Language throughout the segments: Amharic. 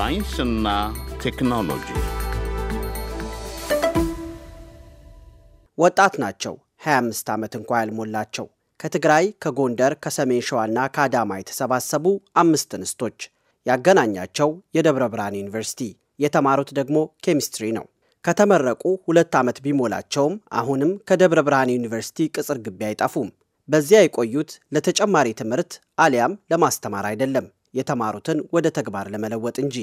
ሳይንስና ቴክኖሎጂ ወጣት ናቸው። 25 ዓመት እንኳ ያልሞላቸው ከትግራይ፣ ከጎንደር፣ ከሰሜን ሸዋና ከአዳማ የተሰባሰቡ አምስት እንስቶች ያገናኛቸው የደብረ ብርሃን ዩኒቨርሲቲ የተማሩት ደግሞ ኬሚስትሪ ነው። ከተመረቁ ሁለት ዓመት ቢሞላቸውም አሁንም ከደብረ ብርሃን ዩኒቨርሲቲ ቅጽር ግቢ አይጠፉም። በዚያ የቆዩት ለተጨማሪ ትምህርት አሊያም ለማስተማር አይደለም። የተማሩትን ወደ ተግባር ለመለወጥ እንጂ።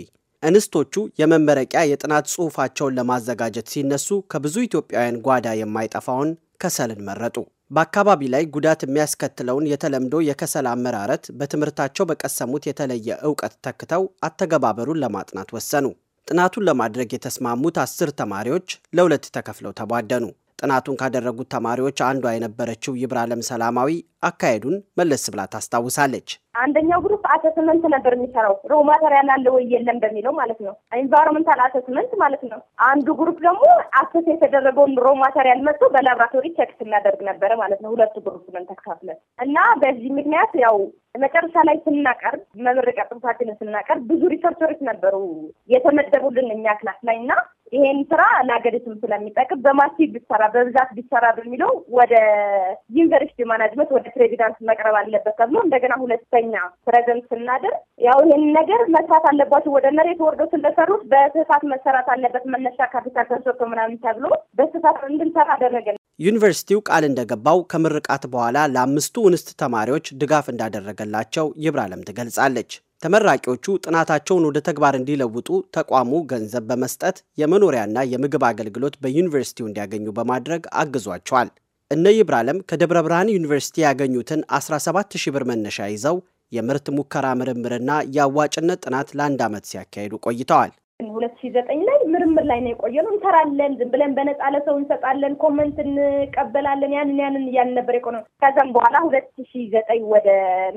እንስቶቹ የመመረቂያ የጥናት ጽሑፋቸውን ለማዘጋጀት ሲነሱ ከብዙ ኢትዮጵያውያን ጓዳ የማይጠፋውን ከሰልን መረጡ። በአካባቢ ላይ ጉዳት የሚያስከትለውን የተለምዶ የከሰል አመራረት በትምህርታቸው በቀሰሙት የተለየ እውቀት ተክተው አተገባበሩን ለማጥናት ወሰኑ። ጥናቱን ለማድረግ የተስማሙት አስር ተማሪዎች ለሁለት ተከፍለው ተቧደኑ። ጥናቱን ካደረጉት ተማሪዎች አንዷ የነበረችው ይብራለም ሰላማዊ አካሄዱን መለስ ብላ ታስታውሳለች። አንደኛው ግሩፕ አሰስመንት ነበር የሚሰራው ሮ ማተሪያል አለ ወይ የለም በሚለው ማለት ነው። ኤንቫይሮንመንታል አሰስመንት ማለት ነው። አንዱ ግሩፕ ደግሞ አሰስ የተደረገውን ሮ ማተሪያል መጥቶ በላብራቶሪ ቸክ ስናደርግ ነበረ ማለት ነው። ሁለቱ ግሩፕ ነን ተከፋፍለን እና በዚህ ምክንያት ያው መጨረሻ ላይ ስናቀርብ መመረቂያ ጽሑፋችንን ስናቀርብ ብዙ ሪሰርቸሮች ነበሩ የተመደቡልን እኛ ክላስ ላይ እና ይሄን ስራ ለሀገሪቱም ስለሚጠቅም በማሲቭ ቢሰራ በብዛት ቢሰራ በሚለው ወደ ዩኒቨርሲቲ ማናጅመንት ወደ ፕሬዚዳንት መቅረብ አለበት ተብሎ እንደገና ሁለተኛ ፕሬዘንት ስናደርግ ያው ይህን ነገር መስራት አለባቸው ወደ መሬት ወርዶ ስለሰሩት በስፋት መሰራት አለበት መነሻ ካፒታል ተሰጥቶ ምናምን ተብሎ በስፋት እንድንሰራ አደረገ። ዩኒቨርሲቲው ቃል እንደገባው ከምርቃት በኋላ ለአምስቱ እንስት ተማሪዎች ድጋፍ እንዳደረገላቸው ይብራለም ትገልጻለች። ተመራቂዎቹ ጥናታቸውን ወደ ተግባር እንዲለውጡ ተቋሙ ገንዘብ በመስጠት የመኖሪያና የምግብ አገልግሎት በዩኒቨርሲቲው እንዲያገኙ በማድረግ አግዟቸዋል። እነ ይብራለም ከደብረ ብርሃን ዩኒቨርሲቲ ያገኙትን 17 ሺህ ብር መነሻ ይዘው የምርት ሙከራ ምርምርና የአዋጭነት ጥናት ለአንድ ዓመት ሲያካሂዱ ቆይተዋል። ሁለት ሺህ ዘጠኝ ላይ ምርምር ላይ ነው የቆየነው እንሰራለን፣ ዝም ብለን በነጻ ለሰው እንሰጣለን፣ ኮመንት እንቀበላለን፣ ያንን ያንን እያልን ነበር የቆነው። ከዛም በኋላ ሁለት ሺህ ዘጠኝ ወደ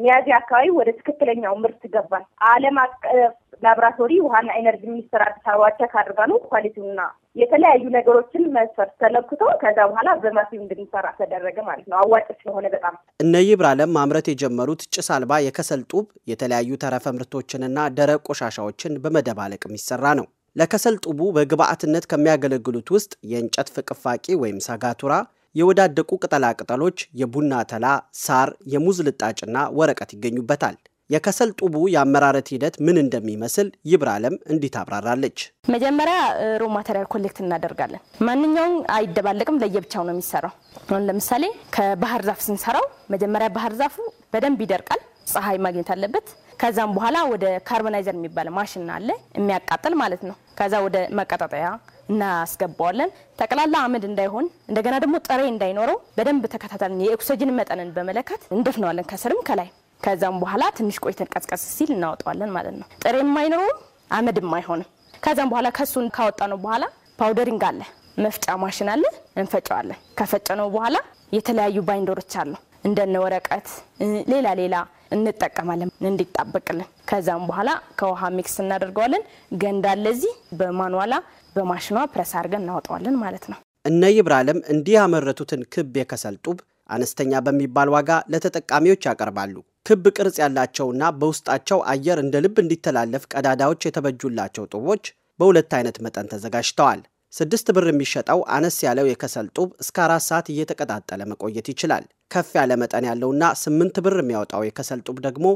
ሚያዝያ አካባቢ ወደ ትክክለኛው ምርት ገባል። ዓለም አቀፍ ላብራቶሪ ውሃና ኤነርጂ ሚኒስቴር አዲስ አበባ ቸክ አድርጋ ነው ኳሊቲውና የተለያዩ ነገሮችን መስፈርት ተለክቶ ከዛ በኋላ በማሲው እንድንሰራ ተደረገ ማለት ነው። አዋጭ ስለሆነ በጣም እነ ይብር ማምረት የጀመሩት ጭስ አልባ የከሰል ጡብ የተለያዩ ተረፈ ምርቶችንና ደረቅ ቆሻሻዎችን በመደባለቅ የሚሰራ ነው። ለከሰል ጡቡ በግብአትነት ከሚያገለግሉት ውስጥ የእንጨት ፍቅፋቂ ወይም ሰጋቱራ፣ የወዳደቁ ቅጠላቅጠሎች፣ የቡና ተላ፣ ሳር፣ የሙዝ ልጣጭና ወረቀት ይገኙበታል። የከሰል ጡቡ የአመራረት ሂደት ምን እንደሚመስል አለም እንዲህ ታብራራለች። መጀመሪያ ሮ ማቴሪያል ኮሌክት እናደርጋለን። ማንኛውም አይደባለቅም፣ ለየብቻው ነው የሚሰራው። አሁን ለምሳሌ ከባህር ዛፍ ስንሰራው መጀመሪያ ባህር ዛፉ በደንብ ይደርቃል፣ ፀሐይ ማግኘት አለበት። ከዛም በኋላ ወደ ካርቦናይዘር የሚባል ማሽን አለ፣ የሚያቃጥል ማለት ነው። ከዛ ወደ መቀጣጠያ እናስገባዋለን። ጠቅላላ አመድ እንዳይሆን እንደገና ደግሞ ጥሬ እንዳይኖረው በደንብ ተከታተልን። የኦክሲጅን መጠንን በመለካት እንደፍነዋለን ከስርም ከላይ ከዛም በኋላ ትንሽ ቆይተን ቀዝቀዝ ሲል እናወጣዋለን ማለት ነው። ጥሬም አይኖርም፣ አመድም አይሆንም። ከዛም በኋላ ከሱን ካወጣነው በኋላ ፓውደሪንግ አለ፣ መፍጫ ማሽን አለ፣ እንፈጨዋለን። ከፈጨነው በኋላ የተለያዩ ባይንደሮች አሉ፣ እንደነ ወረቀት፣ ሌላ ሌላ እንጠቀማለን እንዲጣበቅልን። ከዛም በኋላ ከውሃ ሚክስ እናደርገዋለን። ገንዳ ለዚህ በማንዋላ በማሽኗ ፕረስ አድርገን እናወጣዋለን ማለት ነው። እነ ይብራለም እንዲህ ያመረቱትን ክብ የከሰል ጡብ አነስተኛ በሚባል ዋጋ ለተጠቃሚዎች ያቀርባሉ። ክብ ቅርጽ ያላቸውና በውስጣቸው አየር እንደ ልብ እንዲተላለፍ ቀዳዳዎች የተበጁላቸው ጡቦች በሁለት አይነት መጠን ተዘጋጅተዋል። ስድስት ብር የሚሸጠው አነስ ያለው የከሰል ጡብ እስከ አራት ሰዓት እየተቀጣጠለ መቆየት ይችላል። ከፍ ያለ መጠን ያለውና ስምንት ብር የሚያወጣው የከሰል ጡብ ደግሞ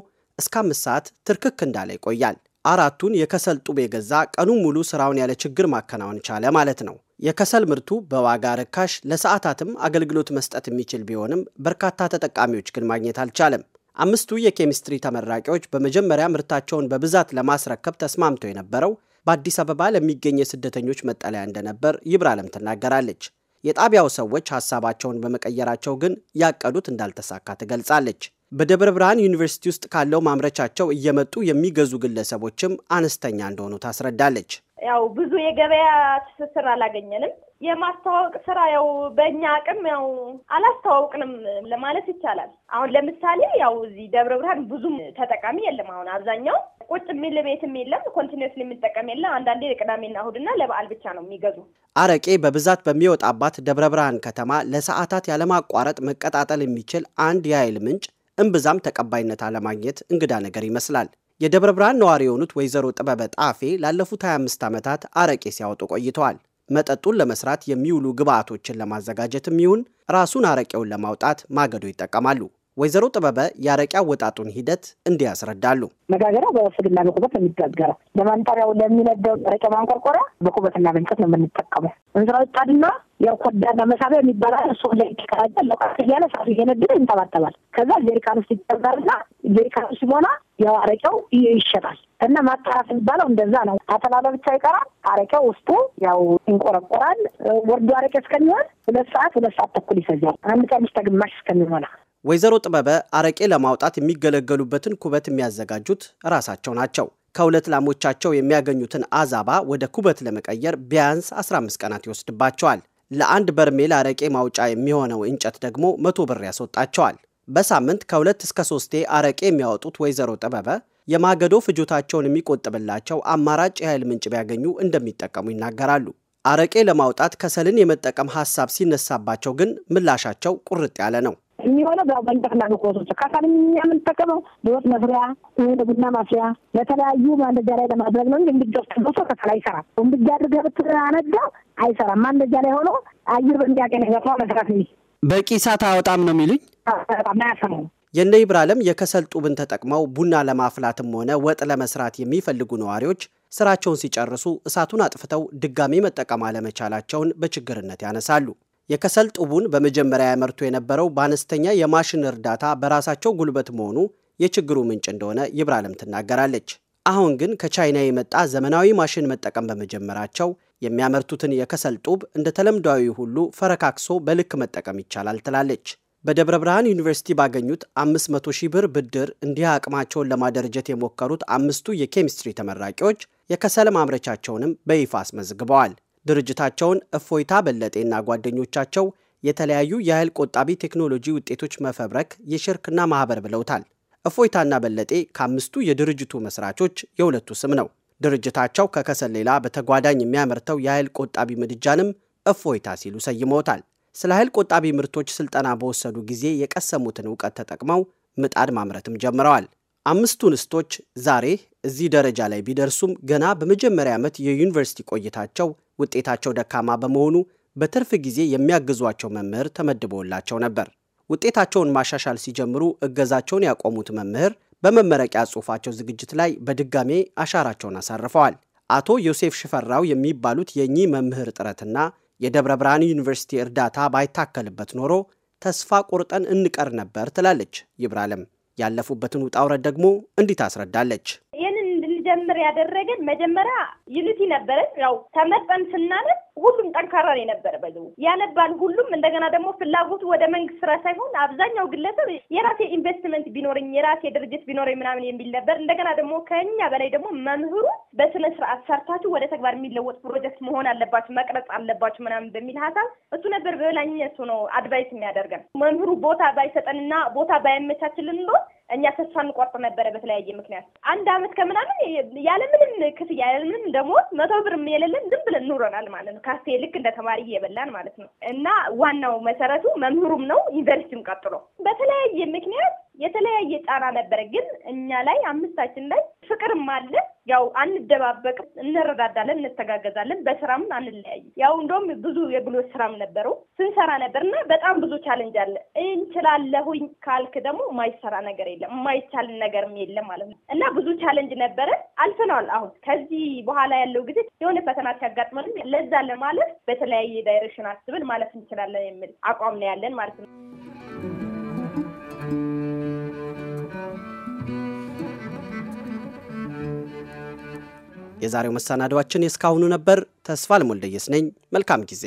እስከ አምስት ሰዓት ትርክክ እንዳለ ይቆያል። አራቱን የከሰል ጡብ የገዛ ቀኑን ሙሉ ስራውን ያለ ችግር ማከናወን ቻለ ማለት ነው። የከሰል ምርቱ በዋጋ ርካሽ፣ ለሰዓታትም አገልግሎት መስጠት የሚችል ቢሆንም በርካታ ተጠቃሚዎች ግን ማግኘት አልቻለም። አምስቱ የኬሚስትሪ ተመራቂዎች በመጀመሪያ ምርታቸውን በብዛት ለማስረከብ ተስማምተው የነበረው በአዲስ አበባ ለሚገኝ የስደተኞች መጠለያ እንደነበር ይብራለም ትናገራለች። የጣቢያው ሰዎች ሀሳባቸውን በመቀየራቸው ግን ያቀዱት እንዳልተሳካ ትገልጻለች። በደብረ ብርሃን ዩኒቨርሲቲ ውስጥ ካለው ማምረቻቸው እየመጡ የሚገዙ ግለሰቦችም አነስተኛ እንደሆኑ ታስረዳለች። ያው ብዙ የገበያ ትስስር አላገኘንም። የማስተዋወቅ ስራ ያው በእኛ አቅም ያው አላስተዋውቅንም ለማለት ይቻላል። አሁን ለምሳሌ ያው እዚህ ደብረ ብርሃን ብዙም ተጠቃሚ የለም። አሁን አብዛኛው ቁጭ የሚል ቤትም የለም፣ ኮንቲኒስ የሚጠቀም የለም። አንዳንዴ ቅዳሜና እሁድና ለበዓል ብቻ ነው የሚገዙ። አረቄ በብዛት በሚወጣባት ደብረ ብርሃን ከተማ ለሰዓታት ያለማቋረጥ መቀጣጠል የሚችል አንድ የኃይል ምንጭ እምብዛም ተቀባይነት አለማግኘት እንግዳ ነገር ይመስላል። የደብረ ብርሃን ነዋሪ የሆኑት ወይዘሮ ጥበበ ጣፌ ላለፉት 25 ዓመታት አረቄ ሲያወጡ ቆይተዋል። መጠጡን ለመስራት የሚውሉ ግብዓቶችን ለማዘጋጀትም ይሁን ራሱን አረቄውን ለማውጣት ማገዶ ይጠቀማሉ። ወይዘሮ ጥበበ የአረቄ አወጣጡን ሂደት እንዲህ ያስረዳሉ። መጋገሪያ በስግና በኩበት ነው የሚጋገረው። ለማንጠሪያው ለሚነደው አረቄ ማንቆርቆሪያ በቁበትና በእንጨት ነው የምንጠቀመው። እንስራ ወጣድና ያው ኮዳና መሳቢያ የሚባላል እሱ ላይ ከራጃ ለቃት እያለ ሳቱ እየነደደ ይንጠባጠባል። ከዛ ጀሪካን ውስጥ ይጨመርና ጀሪካን ውስጥ ሲሞላ ያው አረቄው ይሸጣል እና ማጣራት የሚባለው እንደዛ ነው። አተላለ ብቻ ይቀራል። አረቄው ውስጡ ያው ይንቆረቆራል። ወርዶ አረቄ እስከሚሆን ሁለት ሰዓት ሁለት ሰዓት ተኩል ይሰጃል። አንድ ቀን እስከ ግማሽ እስከሚሞላ ወይዘሮ ጥበበ አረቄ ለማውጣት የሚገለገሉበትን ኩበት የሚያዘጋጁት ራሳቸው ናቸው። ከሁለት ላሞቻቸው የሚያገኙትን አዛባ ወደ ኩበት ለመቀየር ቢያንስ 15 ቀናት ይወስድባቸዋል። ለአንድ በርሜል አረቄ ማውጫ የሚሆነው እንጨት ደግሞ መቶ ብር ያስወጣቸዋል። በሳምንት ከሁለት እስከ ሶስቴ አረቄ የሚያወጡት ወይዘሮ ጥበበ የማገዶ ፍጆታቸውን የሚቆጥብላቸው አማራጭ የኃይል ምንጭ ቢያገኙ እንደሚጠቀሙ ይናገራሉ። አረቄ ለማውጣት ከሰልን የመጠቀም ሀሳብ ሲነሳባቸው ግን ምላሻቸው ቁርጥ ያለ ነው። የሚሆነው በአብዛኛው ፍላጎት ኮሶች ከሰል የምንጠቀመው ለወጥ መስሪያ፣ ለቡና ማፍያ፣ ለተለያዩ ማንደጃ ላይ ለማድረግ ነው። እምድጃ ውስጥ ገብቶ ከሰል አይሰራም። እምድጃ አድርገህ ብታነዳው አይሰራም። ማንደጃ ላይ ሆኖ አየር በእንዲያቀ ነገር ነው መስራት ሚ በቂ እሳት አወጣም ነው የሚሉኝ ያሰሙ የእነ ይብራለም የከሰል ጡብን ተጠቅመው ቡና ለማፍላትም ሆነ ወጥ ለመስራት የሚፈልጉ ነዋሪዎች ስራቸውን ሲጨርሱ እሳቱን አጥፍተው ድጋሜ መጠቀም አለመቻላቸውን በችግርነት ያነሳሉ። የከሰል ጡቡን በመጀመሪያ ያመርቱ የነበረው በአነስተኛ የማሽን እርዳታ በራሳቸው ጉልበት መሆኑ የችግሩ ምንጭ እንደሆነ ይብራለም ትናገራለች። አሁን ግን ከቻይና የመጣ ዘመናዊ ማሽን መጠቀም በመጀመራቸው የሚያመርቱትን የከሰል ጡብ እንደ ተለምዳዊ ሁሉ ፈረካክሶ በልክ መጠቀም ይቻላል ትላለች። በደብረ ብርሃን ዩኒቨርሲቲ ባገኙት 500 ሺህ ብር ብድር እንዲህ አቅማቸውን ለማደረጀት የሞከሩት አምስቱ የኬሚስትሪ ተመራቂዎች የከሰል ማምረቻቸውንም በይፋ አስመዝግበዋል። ድርጅታቸውን እፎይታ በለጤና ጓደኞቻቸው የተለያዩ የኃይል ቆጣቢ ቴክኖሎጂ ውጤቶች መፈብረክ የሽርክና ማኅበር ብለውታል። እፎይታና በለጤ ከአምስቱ የድርጅቱ መስራቾች የሁለቱ ስም ነው። ድርጅታቸው ከከሰል ሌላ በተጓዳኝ የሚያመርተው የኃይል ቆጣቢ ምድጃንም እፎይታ ሲሉ ሰይመውታል። ስለ ኃይል ቆጣቢ ምርቶች ስልጠና በወሰዱ ጊዜ የቀሰሙትን እውቀት ተጠቅመው ምጣድ ማምረትም ጀምረዋል። አምስቱ ንስቶች ዛሬ እዚህ ደረጃ ላይ ቢደርሱም ገና በመጀመሪያ ዓመት የዩኒቨርሲቲ ቆይታቸው ውጤታቸው ደካማ በመሆኑ በትርፍ ጊዜ የሚያግዟቸው መምህር ተመድቦላቸው ነበር። ውጤታቸውን ማሻሻል ሲጀምሩ እገዛቸውን ያቆሙት መምህር በመመረቂያ ጽሑፋቸው ዝግጅት ላይ በድጋሜ አሻራቸውን አሳርፈዋል። አቶ ዮሴፍ ሽፈራው የሚባሉት የእኚህ መምህር ጥረትና የደብረ ብርሃን ዩኒቨርሲቲ እርዳታ ባይታከልበት ኖሮ ተስፋ ቆርጠን እንቀር ነበር ትላለች ይብራለም። ያለፉበትን ውጣ ደግሞ እንዲት አስረዳለች። እንድንጀምር ያደረገን መጀመሪያ ዩኒቲ ነበረን። ያው ተመጠን ስናነብ ሁሉም ጠንካራ ነው የነበረ በ ያነባል ሁሉም። እንደገና ደግሞ ፍላጎቱ ወደ መንግስት ስራ ሳይሆን አብዛኛው ግለሰብ የራሴ ኢንቨስትመንት ቢኖርኝ የራሴ ድርጅት ቢኖረኝ ምናምን የሚል ነበር። እንደገና ደግሞ ከኛ በላይ ደግሞ መምህሩ በስነ ስርዓት ሰርታችሁ ወደ ተግባር የሚለወጥ ፕሮጀክት መሆን አለባችሁ፣ መቅረጽ አለባችሁ ምናምን በሚል ሀሳብ እሱ ነበር በበላኝነት ሆኖ አድቫይስ የሚያደርገን መምህሩ ቦታ ባይሰጠንና ቦታ ባያመቻችልን ኖር እኛ ተስፋ እንቆርጥ ነበረ በተለያየ ምክንያት አንድ አመት ከምናምን ያለምንም ክፍያ ያለምንም ደሞዝ መቶ ብርም የሌለን ዝም ብለን ኑረናል ማለት ነው። ካፌ ልክ እንደ ተማሪ እየበላን ማለት ነው። እና ዋናው መሰረቱ መምህሩም ነው ዩኒቨርሲቲም ቀጥሎ በተለያየ ምክንያት የተለያየ ጫና ነበረ። ግን እኛ ላይ አምስታችን ላይ ፍቅርም አለ ያው አንደባበቅም፣ እንረዳዳለን፣ እንተጋገዛለን። በስራም አንለያይም። ያው እንደውም ብዙ የጉልበት ስራም ነበረው ስንሰራ ነበር እና በጣም ብዙ ቻለንጅ አለ። እንችላለሁኝ ካልክ ደግሞ የማይሰራ ነገር የለም፣ የማይቻል ነገርም የለም ማለት ነው እና ብዙ ቻለንጅ ነበረ፣ አልፈነዋል። አሁን ከዚህ በኋላ ያለው ጊዜ የሆነ ፈተና ሲያጋጥመንም ለዛ ለማለት በተለያየ ዳይሬክሽን አስብል ማለት እንችላለን የሚል አቋም ነው ያለን ማለት ነው። የዛሬው መሰናዷችን የእስካሁኑ ነበር። ተስፋ ለሞልደየስ ነኝ። መልካም ጊዜ